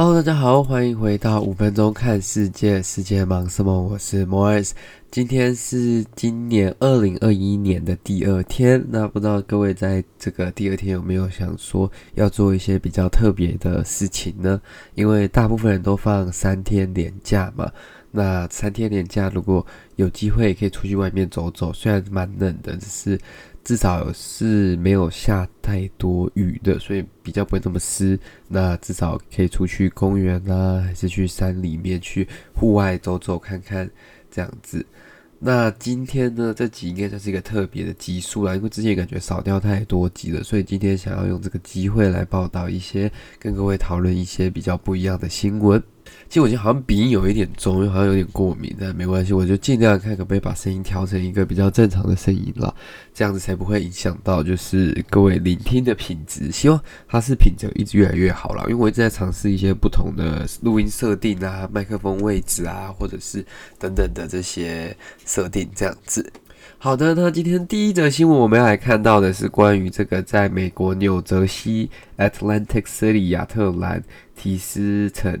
Hello，大家好，歡迎回到五分鐘看世界，世界忙什麼？我是 Morris，今天是今年二零二一年的第二天，那不知道各位在這個第二天有沒有想說要做一些比較特別的事情呢？因為大部分人都放三天連假嘛，那三天連假如果有機會可以出去外面走走，雖然蠻冷的，只是。至少是沒有下太多雨的，所以比較不會那麼濕。那至少可以出去公園啊，還是去山裡面去戶外走走看看這樣子。那今天呢，這集應該算是一個特別的集數啦，因為之前感覺少掉太多集了，所以今天想要用這個機會來報道一些，跟各位討論一些比較不一樣的新聞。其實我覺得好像鼻音有一點重，又好像有點過敏，但沒關係，我就盡量看可不可以把聲音調成一個比較正常的聲音啦，這樣子才不會影響到就是各位聆聽的品質。希望它是品質一直越來越好啦。因為我一直在嘗試一些不同的錄音設定啊、麥克風位置啊，或者是等等的這些設定，這樣子。好的，那今天第一則新聞我們要來看到的是關於這個在美國紐澤西 Atlantic City 亞特蘭提斯城。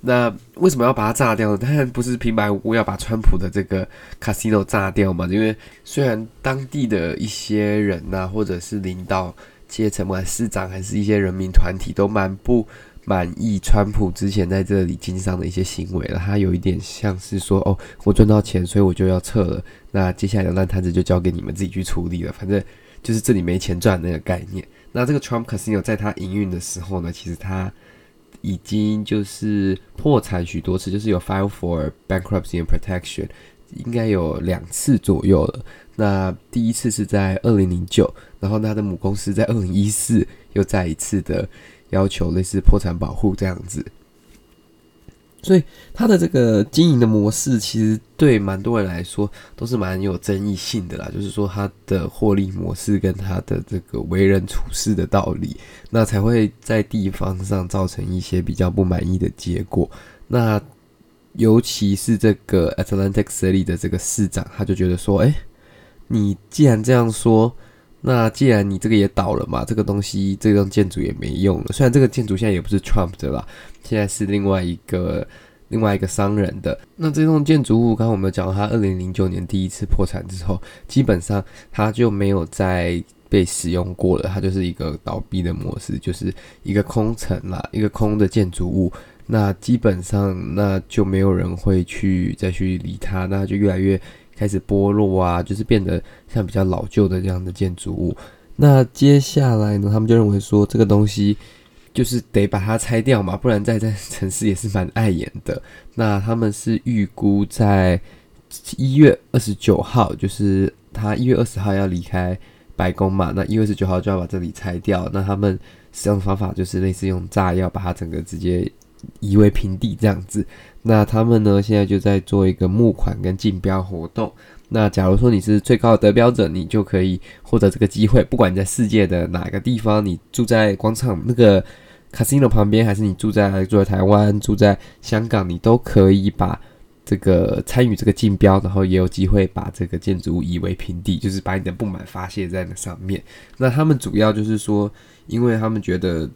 那為什麼要把它炸掉呢？當然不是平白無故要把川普的這個 casino 炸掉嘛。因為雖然當地的一些人吶、啊，或者是領導階層嘛，市長還是一些人民團體，都蠻不滿意川普之前在這裡經商的一些行為了。他有一點像是說：“哦，我賺到錢，所以我就要撤了。那接下來的爛攤子就交給你們自己去處理了。反正就是這裡沒錢賺那個概念。”那這個 Trump casino 在他營運的時候呢，其實他……已經就是破產許多次，就是有 file for bankruptcy and protection，應該有兩次左右了。那第一次是在二零零九，然後他的母公司，在二零一四又再一次的要求類似破產保護這樣子。所以他的這個經營的模式，其實對蠻多人來說都是蠻有爭議性的啦。就是說，他的獲利模式跟他的這個為人處事的道理，那才會在地方上造成一些比較不滿意的結果。那尤其是這個 Atlantic City 的這個市長，他就覺得說：“哎，你既然這樣說。”那既然你這個也倒了嘛，這個東西這棟建築也沒用了。雖然這個建築現在也不是 Trump 的啦，現在是另外一個另外一個商人的。那這棟建築物，剛剛我們講到，它2009年第一次破產之後，基本上它就沒有再被使用過了，它就是一個倒閉的模式，就是一個空城啦，一個空的建築物。那基本上那就沒有人會去再去理它，那就越來越。開始剝落啊，就是變得像比較老舊的這樣的建築物。那接下來呢，他們就認為說這個東西就是得把它拆掉嘛，不然在這城市也是蠻礙眼的。那他們是預估在一月二十九號，就是他一月二十號要離開白宮嘛，那一月二十九號就要把這裡拆掉。那他們使用的方法就是類似用炸藥把它整個直接夷為平地這樣子。那他們呢，現在就在做一個募款跟競標活動。那假如說你是最高的得標者，你就可以獲得這個機會。不管你在世界的哪個地方，你住在廣場那個 casino 旁邊，還是你住在還是住在台灣、住在香港，你都可以把這個參與這個競標，然後也有機會把這個建築物夷為平地，就是把你的不滿發洩在那上面。那他們主要就是說，因為他們覺得。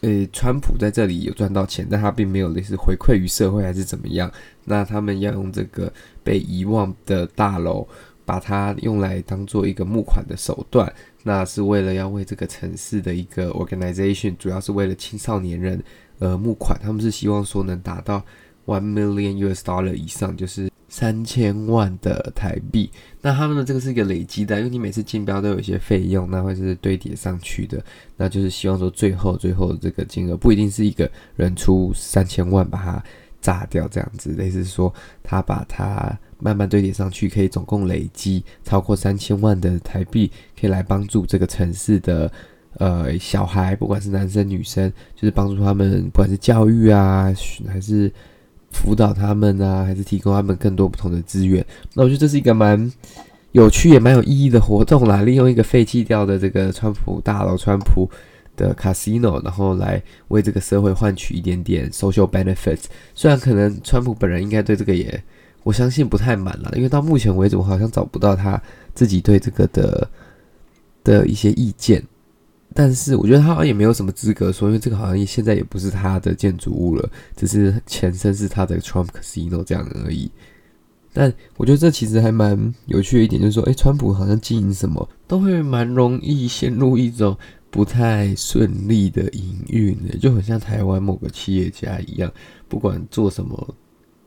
誒、欸，川普在這裡有賺到錢，但他並沒有類似回饋於社會還是怎麼樣。那他們要用這個被遺忘的大樓，把它用來當做一個募款的手段。那是為了要為這個城市的一個 organization，主要是為了青少年人，呃，募款。他們是希望說能達到 one million US dollar 以上，就是。三千萬的台幣，那他們的這個是一個累積的，因為你每次競標都有一些費用，那會是堆疊上去的。那就是希望說，最後最後這個金額不一定是一個人出三千萬把它炸掉這樣子，類似說他把它慢慢堆疊上去，可以總共累積超過三千萬的台幣，可以來幫助這個城市的呃小孩，不管是男生、女生，就是幫助他們，不管是教育啊還是。輔導他們啊，還是提供他們更多不同的資源。那我覺得這是一個蠻有趣也蠻有意義的活動啦，利用一個廢棄掉的這個川普大佬川普的 casino，然後來為這個社會換取一點點 social benefits，雖然可能川普本人應該對這個也，我相信不太滿了，因為到目前為止我好像找不到他自己對這個的，的一些意見。但是我覺得他好像也沒有什麼資格說，因為這個好像現在也不是他的建築物了，只是前身是他的 Trump Casino 這樣而已。但我覺得這其實還蠻有趣的一點，就是說，哎、欸，川普好像經營什麼都會蠻容易陷入一種不太順利的營運的，就很像台灣某個企業家一樣，不管做什麼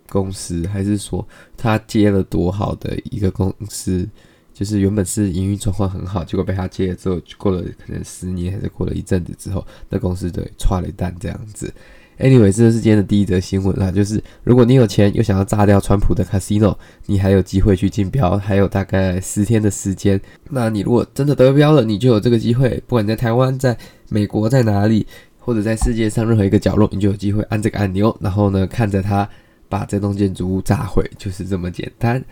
公司，還是說他接了多好的一個公司。就是原本是營運狀況很好，結果被他借了之後，過了可能十年還是過了一陣子之後，那公司就踹了一蛋這樣子。Anyway，這就是今天的第一則新聞啦。就是如果你有錢又想要炸掉川普的 Casino，你還有機會去競標，還有大概十天的時間。那你如果真的得標了，你就有這個機會，不管你在台灣、在美國、在哪裡，或者在世界上任何一個角落，你就有機會按這個按鈕，然後呢，看着他把這棟建築物炸毀，就是這麼簡單。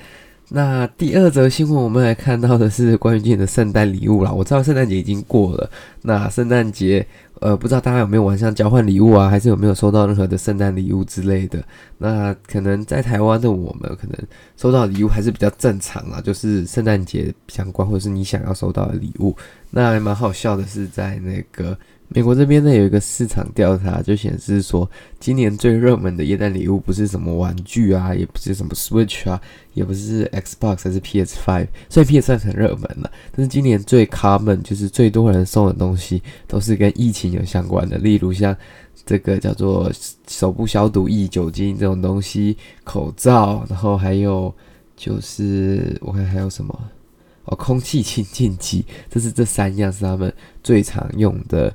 那第二則新聞，我們來看到的是關於今年的聖誕禮物啦。我知道聖誕節已經過了，那聖誕節，呃，不知道大家有沒有晚上交換禮物啊，還是有沒有收到任何的聖誕禮物之類的？那可能在台灣的我們，可能收到禮物還是比較正常啦，就是聖誕節相關或者是你想要收到的禮物。那還蠻好笑的是，在那個。美國這邊呢，有一個市場調查就顯示說，今年最熱門的聖誕禮物不是什麼玩具啊，也不是什麼 Switch 啊，也不是 Xbox 還是 PS5，雖然 PS5 很熱門了，但是今年最 common 就是最多人送的東西都是跟疫情有相關的，例如像這個叫做手部消毒液、酒精這種東西，口罩，然後還有就是我看還有什麼哦，空氣清淨機。這是這三樣是他們最常用的。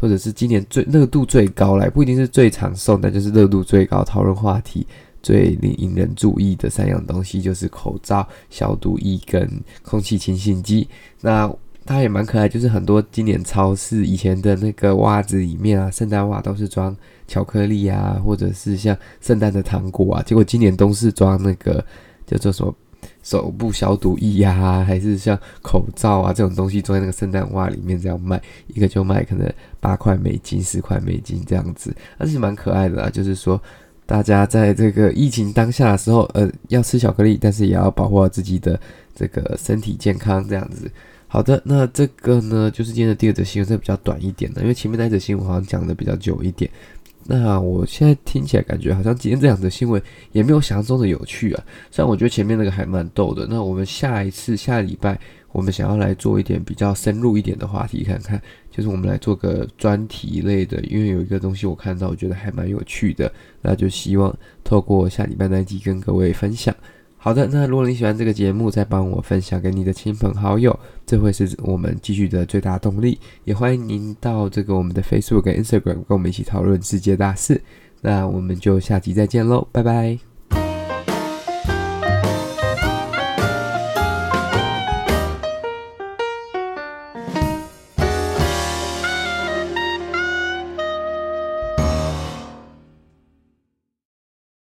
或者是今年最熱度最高來，來不一定是最常送，但就是熱度最高、討論話題最引引人注意的三樣東西，就是口罩、消毒液跟空氣清新劑。那它也蠻可愛，就是很多今年超市以前的那個襪子裡面啊，聖誕襪都是裝巧克力啊，或者是像聖誕的糖果啊，結果今年都是裝那個叫做什麼？手部消毒液呀、啊，還是像口罩啊這種東西，裝在那個聖誕襪裡面這樣賣，一個就賣可能八塊美金、十塊美金這樣子，而且蠻可愛的啊。就是說，大家在這個疫情當下的時候，呃，要吃巧克力，但是也要保護好自己的這個身體健康這樣子。好的，那這個呢，就是今天的第二則新聞，是、這個、比較短一點的，因為前面那則新聞好像講得比較久一點。那我現在聽起來感覺好像今天這兩則新聞也沒有想象中的有趣啊。雖然我覺得前面那個還蠻逗的。那我們下一次下禮拜，我們想要來做一點比較深入一點的話題，看看，就是我們來做個專題類的，因為有一個東西我看到，我覺得還蠻有趣的。那就希望透過下禮拜那一集跟各位分享。好的，那如果你喜歡這個節目，再幫我分享給你的親朋好友，這會是我們繼續的最大動力。也歡迎您到這個我們的 Facebook 跟 Instagram，跟我們一起討論世界大事。那我們就下期再見嘍，拜拜。